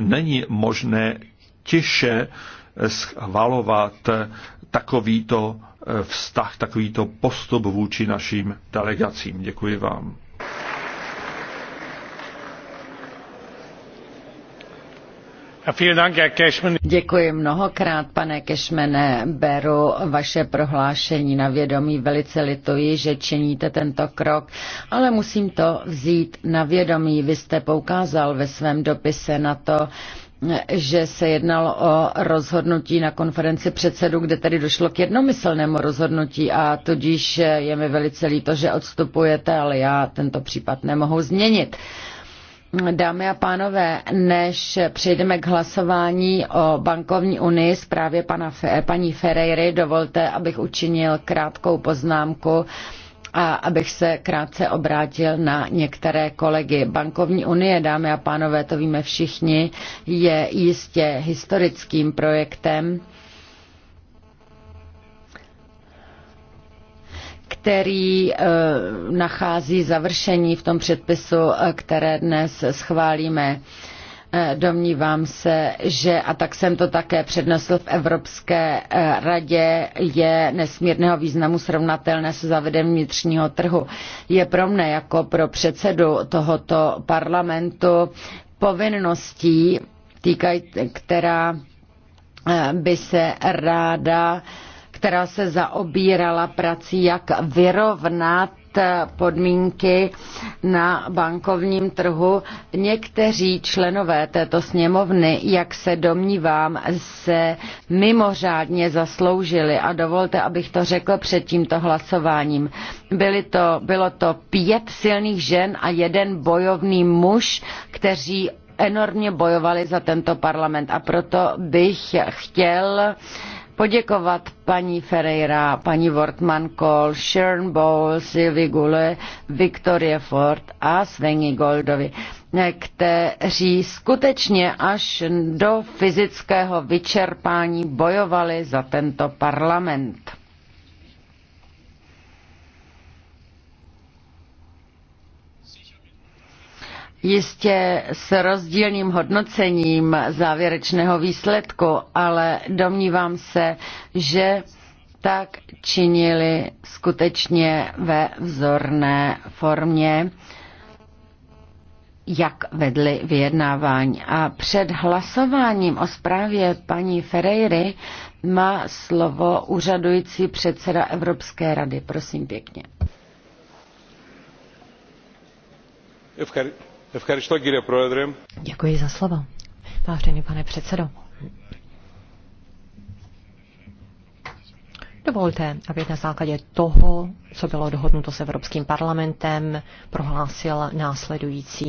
není možné tiše schvalovat takovýto eh, vztah, takovýto postup vůči našim delegacím. Děkuji vám. Děkuji mnohokrát, pane Kešmene. Beru vaše prohlášení na vědomí. Velice lituji, že činíte tento krok, ale musím to vzít na vědomí. Vy jste poukázal ve svém dopise na to, že se jednalo o rozhodnutí na konferenci předsedů, kde tedy došlo k jednomyslnému rozhodnutí a tudíž je mi velice líto, že odstupujete, ale já tento případ nemohu změnit. Uh, Dámy a pánové, než přejdeme k hlasování o bankovní unii zprávě pana, paní Ferreiry, dovolte, abych učinil krátkou poznámku a abych se krátce obrátil na některé kolegy. Bankovní unie, dámy a pánové, to víme všichni, je jistě historickým projektem který eh, nachází završení v tom předpisu, eh, které dnes schválíme. Eh, domnívám se, že, a tak jsem to také přednesl v Evropské radě, je nesmírného významu srovnatelné se zavedením vnitřního trhu. Je pro mne jako pro předsedu tohoto parlamentu povinností, týkaj, která by se ráda která se zaobírala prací, jak vyrovnat podmínky na bankovním trhu. Někteří členové této sněmovny, jak se domnívám, se mimořádně zasloužili a dovolte, abych to řekl před tímto hlasováním. Byly to, bylo to pět silných žen a jeden bojovný muž, kteří enormně bojovali za tento parlament a proto bych chtěl uh, poděkovat paní Ferreira, paní Wortmann Kohl, Sharon Bowles, Sylvie Gule, Victoria Ford a Sveni Goldovi, kteří skutečně až do fyzického vyčerpání bojovali za tento parlament. jistě s rozdílným hodnocením závěrečného výsledku, ale domnívám se, že tak činili skutečně ve vzorné formě, jak vedli vyjednávání. A před hlasováním o zprávě paní Ferreiry má slovo úřadující předseda Evropské rady. Prosím pěkně. Děkuji za slovo, vážený pane předsedo. Dovolte, abych na základě toho, co bylo dohodnuto s Evropským parlamentem, prohlásil následující.